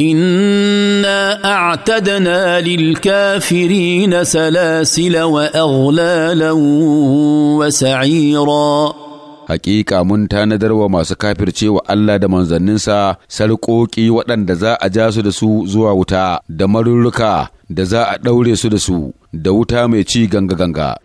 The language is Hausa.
انا اعتدنا للكافرين سلاسل واغلالا وسعيرا Hakika mun tanadar wa masu kafirce wa Allah da manzanninsa sarƙoƙi waɗanda za a ja su da su zuwa wuta da marurruka da za a ɗaure su da su da wuta mai ci ganga-ganga.